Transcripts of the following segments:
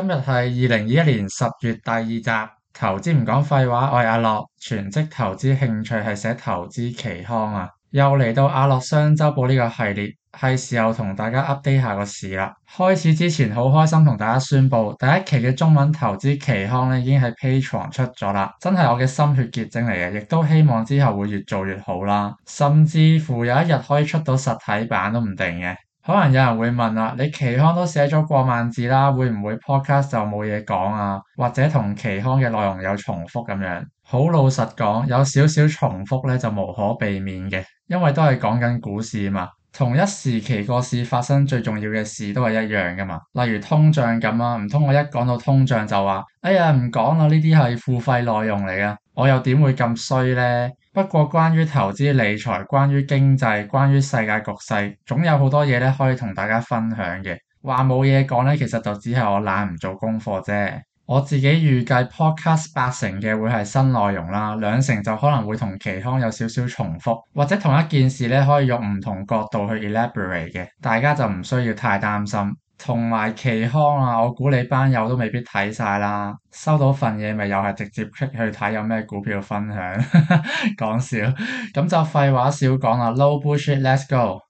今日係二零二一年十月第二集，投資唔講廢話，我係阿樂，全職投資興趣係寫投資期刊啊，又嚟到阿樂商周報呢個系列，係時候同大家 update 下個市啦。開始之前好開心同大家宣布，第一期嘅中文投資期刊咧已經喺 Patreon 出咗啦，真係我嘅心血結晶嚟嘅，亦都希望之後會越做越好啦，甚至乎有一日可以出到實體版都唔定嘅。可能有人會問啊，你期刊都寫咗過萬字啦，會唔會 Podcast 就冇嘢講啊？或者同期刊嘅內容有重複咁樣？好老實講，有少少重複咧就無可避免嘅，因為都係講緊股市嘛。同一時期個市發生最重要嘅事都係一樣噶嘛。例如通脹咁啊，唔通我一講到通脹就話，哎呀唔講啦，呢啲係付費內容嚟噶，我又點會咁衰咧？不過，關於投資理財、關於經濟、關於世界局勢，總有好多嘢咧可以同大家分享嘅。話冇嘢講咧，其實就只係我懶唔做功課啫。我自己預計 podcast 八成嘅會係新內容啦，兩成就可能會同其他有少少重複，或者同一件事咧可以用唔同角度去 elaborate 嘅，大家就唔需要太擔心。同埋期刊啊，我估你班友都未必睇晒啦，收到份嘢咪又係直接 click 去睇有咩股票分享，講, 說笑，咁 就廢話少講啦，no bullshit，let's go。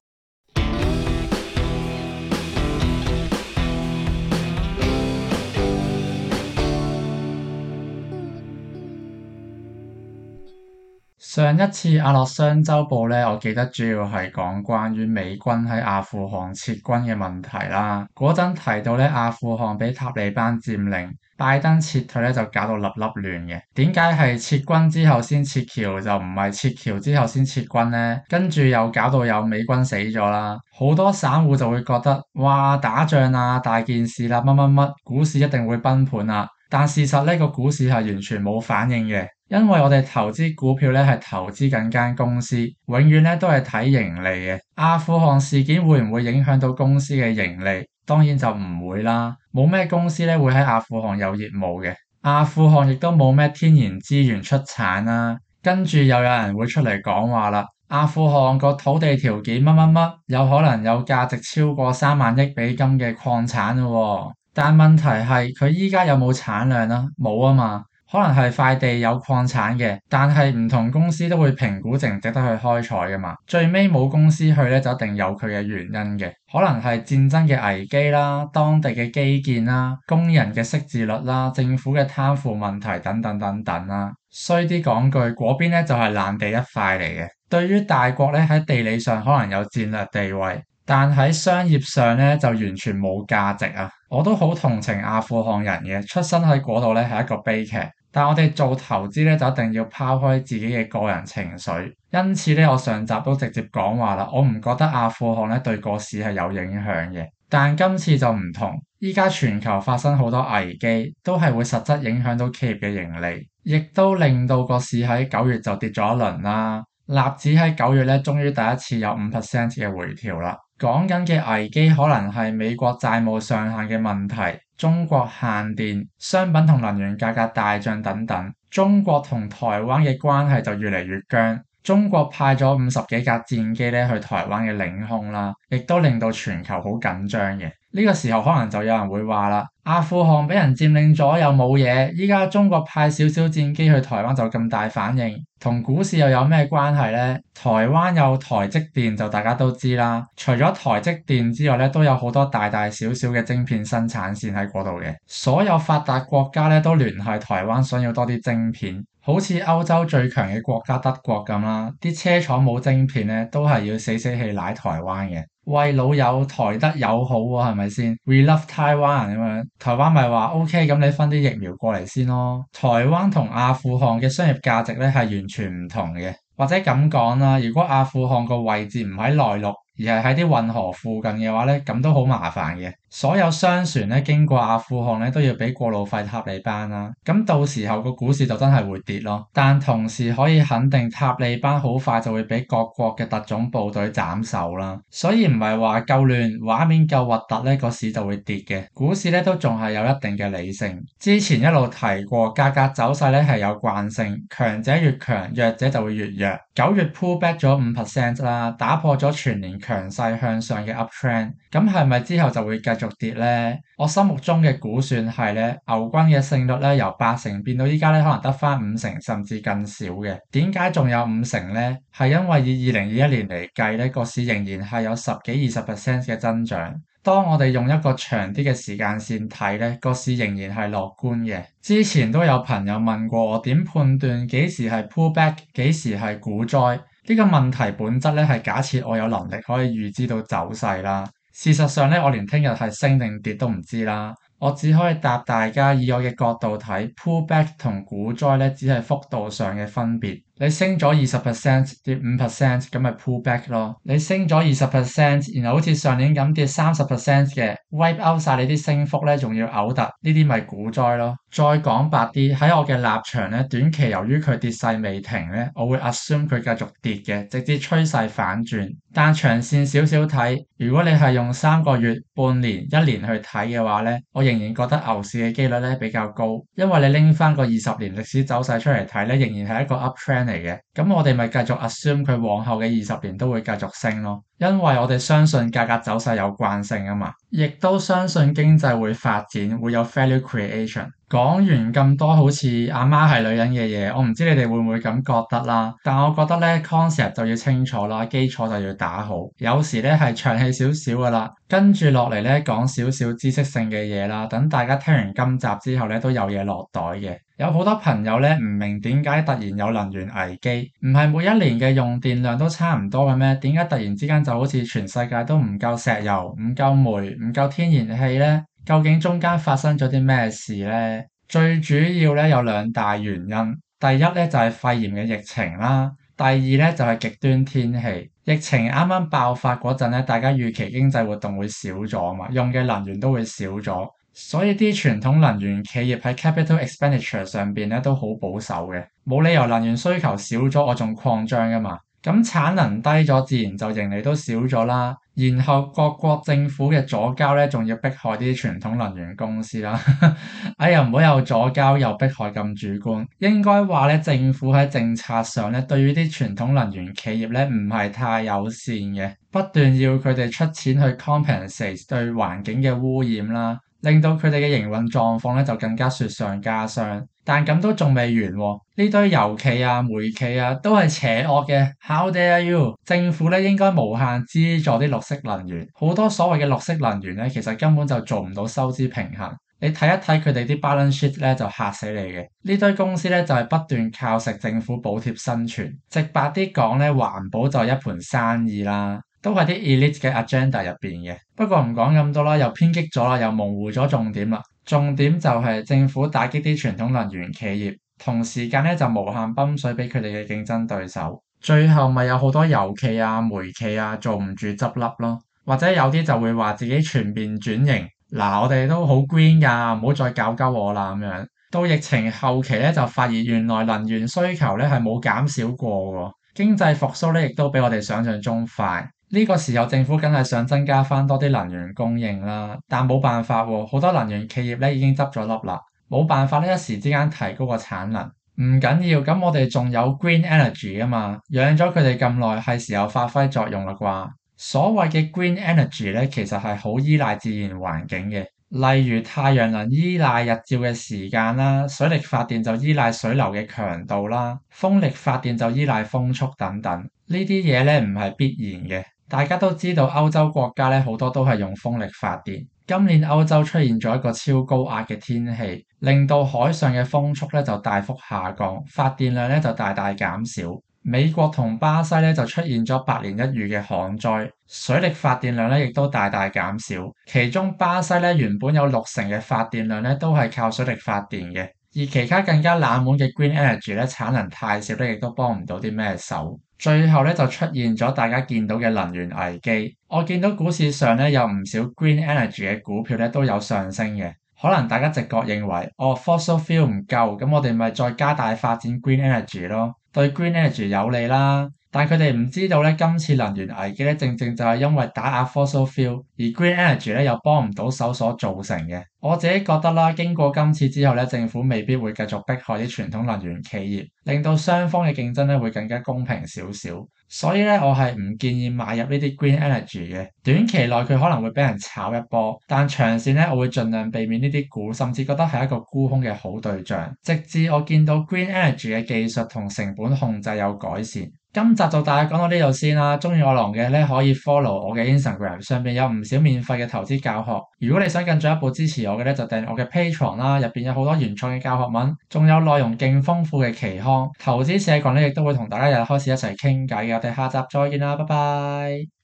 上一次阿樂商週報咧，我記得主要係講關於美軍喺阿富汗撤軍嘅問題啦。嗰陣提到咧，阿富汗俾塔利班佔領，拜登撤退咧就搞到粒粒亂嘅。點解係撤軍之後先撤僑，就唔係撤僑之後先撤軍咧？跟住又搞到有美軍死咗啦。好多散戶就會覺得哇，打仗啊大件事啦，乜乜乜，股市一定會崩盤啊！但事實呢個股市係完全冇反應嘅。因為我哋投資股票咧，係投資緊間公司，永遠咧都係睇盈利嘅。阿富汗事件會唔會影響到公司嘅盈利？當然就唔會啦，冇咩公司咧會喺阿富汗有業務嘅。阿富汗亦都冇咩天然資源出產啦、啊。跟住又有人會出嚟講話啦，阿富汗個土地條件乜乜乜，有可能有價值超過三萬億美金嘅礦產噶、啊。但問題係佢依家有冇產量啦、啊？冇啊嘛。可能係塊地有礦產嘅，但係唔同公司都會評估值唔值得去開採噶嘛。最尾冇公司去咧，就一定有佢嘅原因嘅。可能係戰爭嘅危機啦、當地嘅基建啦、工人嘅識字率啦、政府嘅貪腐問題等等等等啦。衰啲講句，嗰邊咧就係爛地一塊嚟嘅。對於大國咧，喺地理上可能有戰略地位，但喺商業上咧就完全冇價值啊！我都好同情阿富汗人嘅，出生喺嗰度咧係一個悲劇。但我哋做投資咧，就一定要拋開自己嘅個人情緒。因此咧，我上集都直接講話啦，我唔覺得阿富汗咧對個市係有影響嘅。但今次就唔同，依家全球發生好多危機，都係會實質影響到企業嘅盈利，亦都令到個市喺九月就跌咗一輪啦。納指喺九月咧，終於第一次有五 percent 嘅回調啦。講緊嘅危機可能係美國債務上限嘅問題。中國限電、商品同能源價格大漲等等，中國同台灣嘅關係就越嚟越僵。中國派咗五十幾架戰機呢去台灣嘅領空啦，亦都令到全球好緊張嘅。呢個時候可能就有人會話啦，阿富汗俾人佔領咗又冇嘢，依家中國派少少戰機去台灣就咁大反應，同股市又有咩關係呢？台灣有台積電就大家都知啦，除咗台積電之外咧，都有好多大大小小嘅晶片生產線喺嗰度嘅，所有發達國家咧都聯繫台灣，想要多啲晶片。好似歐洲最強嘅國家德國咁啦，啲車廠冇晶片咧，都係要死死氣賴台灣嘅。喂，老友，台德友好喎，係咪先？We love Taiwan 咁樣，台灣咪話 OK 咁，你分啲疫苗過嚟先咯。台灣同阿富汗嘅商業價值咧係完全唔同嘅，或者咁講啦，如果阿富汗個位置唔喺內陸，而係喺啲運河附近嘅話咧，咁都好麻煩嘅。所有商船咧經過阿富汗咧都要俾過路費塔利班啦，咁到時候個股市就真係會跌咯。但同時可以肯定塔利班好快就會俾各國嘅特種部隊斬首啦，所以唔係話夠亂畫面夠核突咧個市就會跌嘅，股市咧都仲係有一定嘅理性。之前一路提過價格走勢咧係有慣性，強者越強，弱者就會越弱。九月 pull back 咗五 percent 啦，打破咗全年強勢向上嘅 uptrend，咁係咪之後就會繼？續跌咧，我心目中嘅估算係咧，牛軍嘅勝率咧由八成變到依家咧可能得返五成，甚至更少嘅。點解仲有五成咧？係因為以二零二一年嚟計咧，個市仍然係有十幾二十 percent 嘅增長。當我哋用一個長啲嘅時間線睇咧，個市仍然係樂觀嘅。之前都有朋友問過我點判斷幾時係 pullback，幾時係股災？呢個問題本質咧係假設我有能力可以預知到走勢啦。事實上，我連聽日係升定跌都唔知啦。我只可以答大家，以我嘅角度睇，pullback 同股災只係幅度上嘅分別。你升咗二十 percent 跌五 percent 咁咪 pull back 咯？你升咗二十 percent，然後好似上年咁跌三十 percent 嘅 wipe out 晒你啲升幅咧，仲要嘔突，呢啲咪股災咯？再講白啲，喺我嘅立場咧，短期由於佢跌勢未停咧，我會 assume 佢繼續跌嘅，直至趨勢反轉。但長線少少睇，如果你係用三個月、半年、一年去睇嘅話咧，我仍然覺得牛市嘅機率咧比較高，因為你拎翻個二十年歷史走勢出嚟睇咧，仍然係一個 uptrend。嚟嘅，咁我哋咪繼續 assume 佢往後嘅二十年都會繼續升咯，因為我哋相信價格走勢有慣性啊嘛，亦都相信經濟會發展，會有 value creation。講完咁多好似阿媽係女人嘅嘢，我唔知你哋會唔會咁覺得啦。但我覺得呢 concept 就要清楚啦，基礎就要打好。有時呢係長氣少少噶啦，跟住落嚟呢講少少知識性嘅嘢啦。等大家聽完今集之後呢，都有嘢落袋嘅。有好多朋友呢，唔明點解突然有能源危機？唔係每一年嘅用電量都差唔多嘅咩？點解突然之間就好似全世界都唔夠石油、唔夠煤、唔夠天然氣呢？究竟中間發生咗啲咩事呢？最主要咧有兩大原因。第一咧就係肺炎嘅疫情啦，第二咧就係極端天氣。疫情啱啱爆發嗰陣咧，大家預期經濟活動會少咗嘛，用嘅能源都會少咗，所以啲傳統能源企業喺 capital expenditure 上邊咧都好保守嘅，冇理由能源需求少咗我仲擴張㗎嘛。咁產能低咗，自然就盈利都少咗啦。然後各國政府嘅左膠咧，仲要迫害啲傳統能源公司啦。 哎呀，唔好又左膠又迫害咁主觀，應該話咧政府喺政策上咧，對於啲傳統能源企業咧，唔係太友善嘅，不斷要佢哋出錢去 compensate 對環境嘅污染啦，令到佢哋嘅營運狀況咧就更加雪上加霜。但咁都仲未完喎。哦，呢堆油企啊、煤企啊都係邪惡嘅。How dare you？政府咧應該無限資助啲綠色能源，好多所謂嘅綠色能源咧其實根本就做唔到收支平衡。你睇一睇佢哋啲 balance sheet 咧就嚇死你嘅。呢堆公司咧就係、是、不斷靠食政府補貼生存。直白啲講咧，環保就係一盤生意啦，都係啲 elite 嘅 agenda 入邊嘅。不過唔講咁多啦，又偏激咗啦，又模糊咗重點啦。重點就係政府打擊啲傳統能源企業，同時間咧就無限泵水俾佢哋嘅競爭對手，最後咪有好多油企啊、煤企啊做唔住執笠咯，或者有啲就會話自己全面轉型。嗱，我哋都好 green 㗎，啊，唔好再搞鳩我啦咁樣。到疫情後期咧，就發現原來能源需求咧係冇減少過喎，經濟復甦咧亦都比我哋想象中快。呢個時候政府梗係想增加翻多啲能源供應啦，但冇辦法喎、哦，好多能源企業咧已經執咗笠啦，冇辦法咧一時之間提高個產能，唔緊要，咁我哋仲有 green energy 啊嘛，養咗佢哋咁耐，係時候發揮作用啦啩？所謂嘅 green energy 咧，其實係好依賴自然環境嘅，例如太陽能依賴日照嘅時間啦，水力發電就依賴水流嘅強度啦，風力發電就依賴風速等等，呢啲嘢咧唔係必然嘅。大家都知道歐洲國家咧，好多都係用風力發電。今年歐洲出現咗一個超高壓嘅天氣，令到海上嘅風速咧就大幅下降，發電量咧就大大減少。美國同巴西咧就出現咗百年一遇嘅旱災，水力發電量咧亦都大大減少。其中巴西咧原本有六成嘅發電量咧都係靠水力發電嘅。而其他更加冷門嘅 green energy 咧，產能太少咧，亦都幫唔到啲咩手。最後咧就出現咗大家見到嘅能源危機。我見到股市上咧有唔少 green energy 嘅股票咧都有上升嘅。可能大家直覺認為，我、哦、fossil fuel 唔夠，咁我哋咪再加大發展 green energy 咯，對 green energy 有利啦。但佢哋唔知道咧，今次能源危機咧，正正就係因為打壓 fossil fuel，而 green energy 咧又幫唔到手所造成嘅。我自己覺得啦，經過今次之後咧，政府未必會繼續逼害啲傳統能源企業，令到雙方嘅競爭咧會更加公平少少。所以咧，我係唔建議買入呢啲 green energy 嘅。短期內佢可能會俾人炒一波，但長線咧我會盡量避免呢啲股，甚至覺得係一個沽空嘅好對象，直至我見到 green energy 嘅技術同成本控制有改善。今集就大家講到呢度先啦，啊，中意我郎嘅咧可以 follow 我嘅 Instagram，上邊有唔少免費嘅投資教學。如果你想更進一步支持我嘅咧，就訂我嘅 Patreon 啦，入邊有好多原創嘅教學文，仲有內容勁豐富嘅期刊。投資社群咧亦都會同大家日日開始一齊傾偈嘅，我哋下集再見啦，拜拜。